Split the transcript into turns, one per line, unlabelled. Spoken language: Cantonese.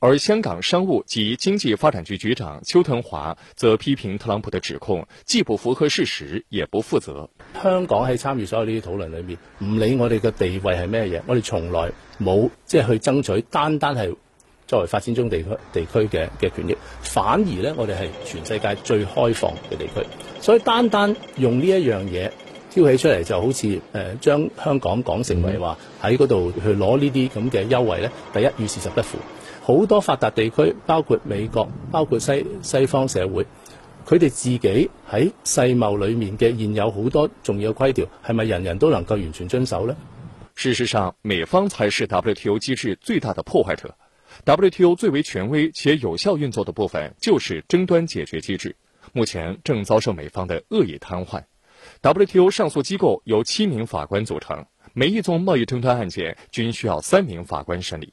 而香港商務及經濟發展局局長邱騰華則批評特朗普的指控既不符合事實，也不負責。香港喺參與所有呢啲討論裏面，唔理我哋嘅地位係咩嘢，我哋從來冇即係去爭取，單單係作為發展中地區地區嘅嘅權益，反而咧，我哋係全世界最開放嘅地區，所以單單用呢一樣嘢挑起出嚟，就好似誒、呃、將香港講成為話喺嗰度去攞呢啲咁嘅優惠咧，第一與事實不符。好多發達地區，包括美國，包括西西方社會，佢哋自己喺世貿裏面嘅現有好多重要規條，係咪人人都能夠完全遵守呢？事實上，美方才是 WTO 機制最大的破壞者。WTO 最為權威且有效運作的部分，就是爭端解決機制，目前正遭受美方的惡意癱瘓。WTO 上訴機構由七名法官組成，每一宗貿易爭端案件均需要三名法官審理。